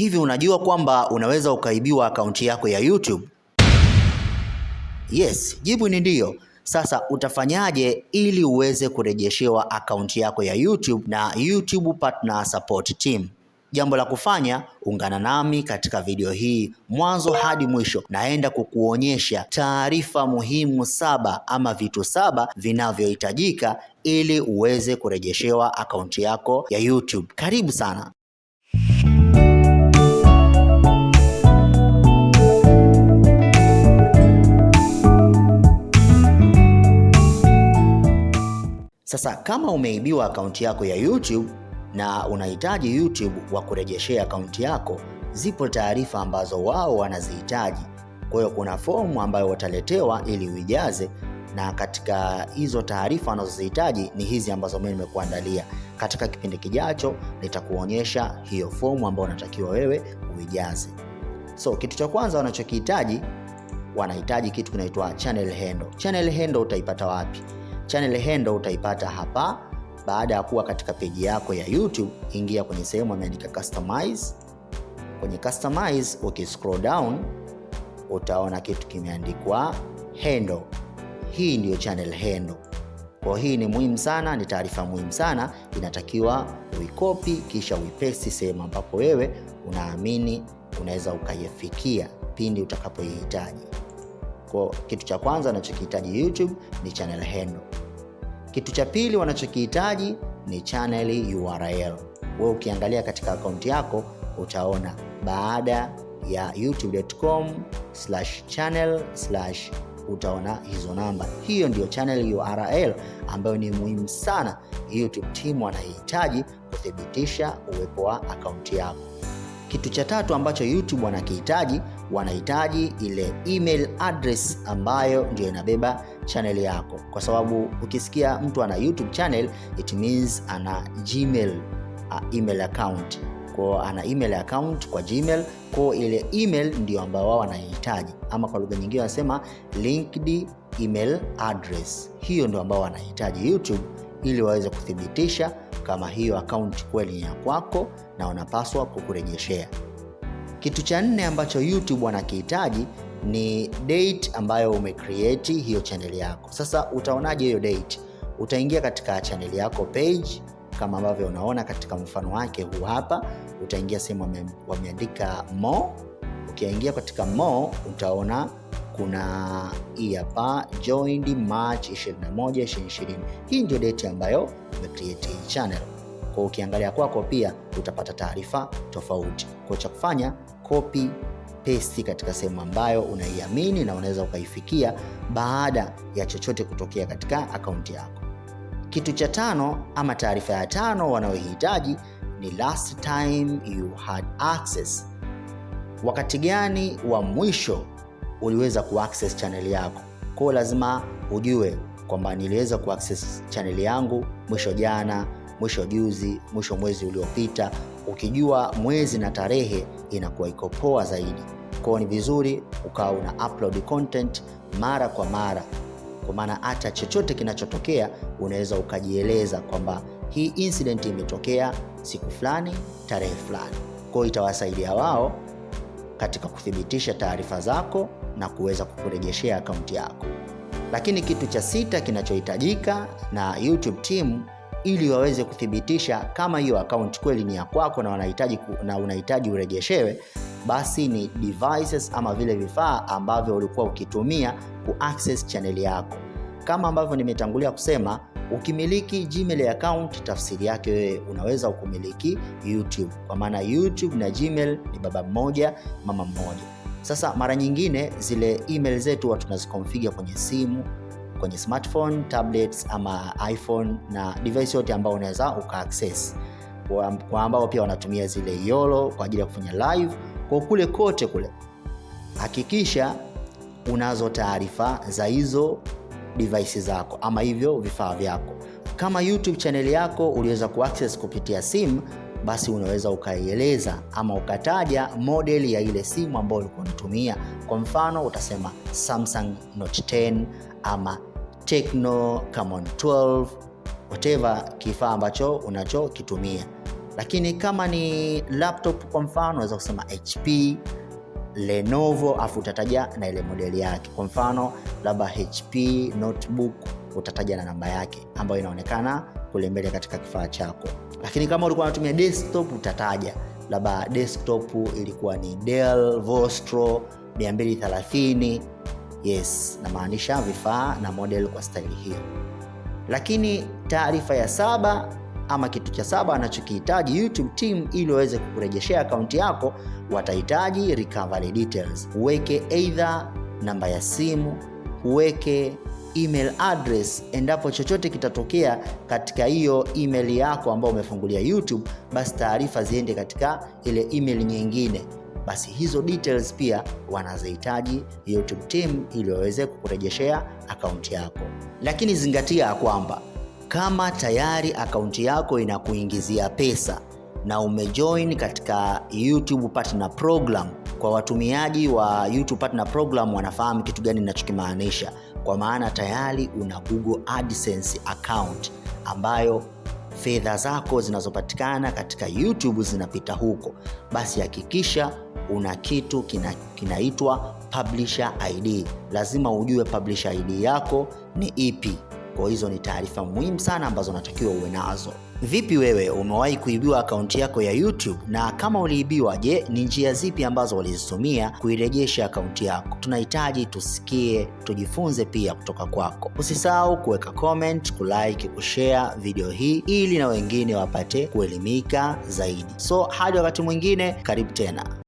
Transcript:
Hivi unajua kwamba unaweza ukaibiwa akaunti yako ya YouTube? Yes, jibu ni ndio Sasa utafanyaje ili uweze kurejeshewa akaunti yako ya YouTube na YouTube Partner Support Team? Jambo la kufanya, ungana nami katika video hii mwanzo hadi mwisho. Naenda kukuonyesha taarifa muhimu saba ama vitu saba vinavyohitajika ili uweze kurejeshewa akaunti yako ya YouTube. Karibu sana. Sasa kama umeibiwa akaunti yako ya YouTube na unahitaji YouTube wa kurejeshea akaunti yako, zipo taarifa ambazo wao wanazihitaji. Kwa hiyo kuna fomu ambayo wataletewa ili uijaze, na katika hizo taarifa wanazozihitaji ni hizi ambazo mimi nimekuandalia. Katika kipindi kijacho nitakuonyesha hiyo fomu ambayo unatakiwa wewe uijaze. So kitu cha kwanza wanachokihitaji, wanahitaji kitu kinaitwa channel handle. Channel handle utaipata wapi? Channel handle utaipata hapa. Baada ya kuwa katika peji yako ya YouTube, ingia kwenye sehemu ameandika customize. Kwenye customize, ukiscroll down utaona kitu kimeandikwa handle. Hii ndiyo channel handle. Kwa hii ni muhimu sana, ni taarifa muhimu sana, inatakiwa uikopi kisha uipesti sehemu ambapo wewe unaamini unaweza ukaifikia pindi utakapoihitaji. Kwa kitu cha kwanza anachokihitaji YouTube ni channel handle. Kitu cha pili wanachokihitaji ni channel URL. Wewe ukiangalia katika akaunti yako utaona baada ya youtube.com/channel/ utaona hizo namba. Hiyo ndiyo channel URL ambayo ni muhimu sana, YouTube team wanahitaji kuthibitisha uwepo wa akaunti yako. Kitu cha tatu ambacho YouTube wanakihitaji wanahitaji ile email address ambayo ndio inabeba channel yako, kwa sababu ukisikia mtu ana YouTube channel it means ana Gmail uh, email account kwa ana email account kwa Gmail, kwa ile email ndio ambao wao wanahitaji, ama kwa lugha nyingine wanasema linked email address. Hiyo ndio ambao wanahitaji YouTube ili waweze kuthibitisha kama hiyo account kweli ni ya kwako na wanapaswa kukurejeshea. Kitu cha nne ambacho YouTube wanakihitaji ni date ambayo umecreate hiyo channel yako. Sasa utaonaje hiyo date? Utaingia katika channel yako page kama ambavyo unaona katika mfano wake huu hapa. Utaingia sehemu wameandika more. Ukiingia katika more, utaona kuna hii hapa joined March 21, 2020. Hii ndio date ambayo umecreate hii channel. Kwa ukiangalia kwako pia utapata taarifa tofauti. Kwa cha kufanya copy paste katika sehemu ambayo unaiamini na unaweza ukaifikia baada ya chochote kutokea katika akaunti yako. Kitu cha tano ama taarifa ya tano wanayohitaji ni last time you had access. Wakati gani wa mwisho uliweza kuaccess channel yako? Kwa lazima ujue kwamba niliweza kuaccess channel yangu mwisho jana mwisho juzi, mwisho mwezi uliopita. Ukijua mwezi na tarehe inakuwa iko poa zaidi. Kwao ni vizuri ukawa una upload content mara kwa mara, kwa maana hata chochote kinachotokea unaweza ukajieleza kwamba hii incident imetokea siku fulani, tarehe fulani. Kwao itawasaidia wao katika kuthibitisha taarifa zako na kuweza kukurejeshea akaunti yako. Lakini kitu cha sita kinachohitajika na YouTube team ili waweze kuthibitisha kama hiyo account kweli ni ya kwako na unahitaji na unahitaji urejeshewe, basi ni devices ama vile vifaa ambavyo ulikuwa ukitumia access channel yako. Kama ambavyo nimetangulia kusema, ukimiliki Gmail account, tafsiri yake wewe unaweza ukumiliki YouTube, kwa maana YouTube na Gmail ni baba mmoja mama mmoja. Sasa mara nyingine zile email zetu huwa tunazikonfiga kwenye simu kwenye smartphone, tablets ama iPhone na device yote ambao unaweza ukaaccess, kwa ambao pia wanatumia zile YOLO kwa ajili ya kufanya live kwa kule kote kule, hakikisha unazo taarifa za hizo device zako ama hivyo vifaa vyako. Kama YouTube channel yako uliweza kuaccess kupitia simu, basi unaweza ukaieleza ama ukataja model ya ile simu ambayo ulikuwa unatumia. Kwa mfano utasema Samsung Note 10 ama Tecno, Camon 12 whatever kifaa ambacho unachokitumia, lakini kama ni laptop kwa mfano, unaweza kusema HP, Lenovo afu utataja na ile modeli yake. Kwa mfano labda HP notebook utataja na namba yake ambayo inaonekana kule mbele katika kifaa chako. Lakini kama ulikuwa unatumia desktop utataja labda desktop ilikuwa ni Dell Vostro 230 Yes, namaanisha vifaa na model kwa staili hiyo. Lakini taarifa ya saba ama kitu cha saba anachokihitaji YouTube team ili waweze kukurejeshea akaunti yako, watahitaji recovery details. Uweke either namba ya simu, uweke email address. Endapo chochote kitatokea katika hiyo email yako ambayo umefungulia YouTube, basi taarifa ziende katika ile email nyingine basi hizo details pia wanazihitaji YouTube team ili waweze kukurejeshea akaunti yako. Lakini zingatia kwamba kama tayari akaunti yako inakuingizia pesa na umejoin katika YouTube Partner Program. Kwa watumiaji wa YouTube Partner Program wanafahamu kitu gani ninachokimaanisha, kwa maana tayari una Google AdSense account ambayo fedha zako zinazopatikana katika YouTube zinapita huko, basi hakikisha una kitu kinaitwa publisher ID. Lazima ujue publisher ID yako ni ipi. Kwa hizo ni taarifa muhimu sana ambazo unatakiwa uwe nazo. Vipi wewe, umewahi kuibiwa akaunti yako ya YouTube? Na kama uliibiwa, je, ni njia zipi ambazo ulizitumia kuirejesha akaunti yako? Tunahitaji tusikie, tujifunze pia kutoka kwako. Usisahau kuweka comment, kulike, kushare video hii ili na wengine wapate kuelimika zaidi. So hadi wakati mwingine, karibu tena.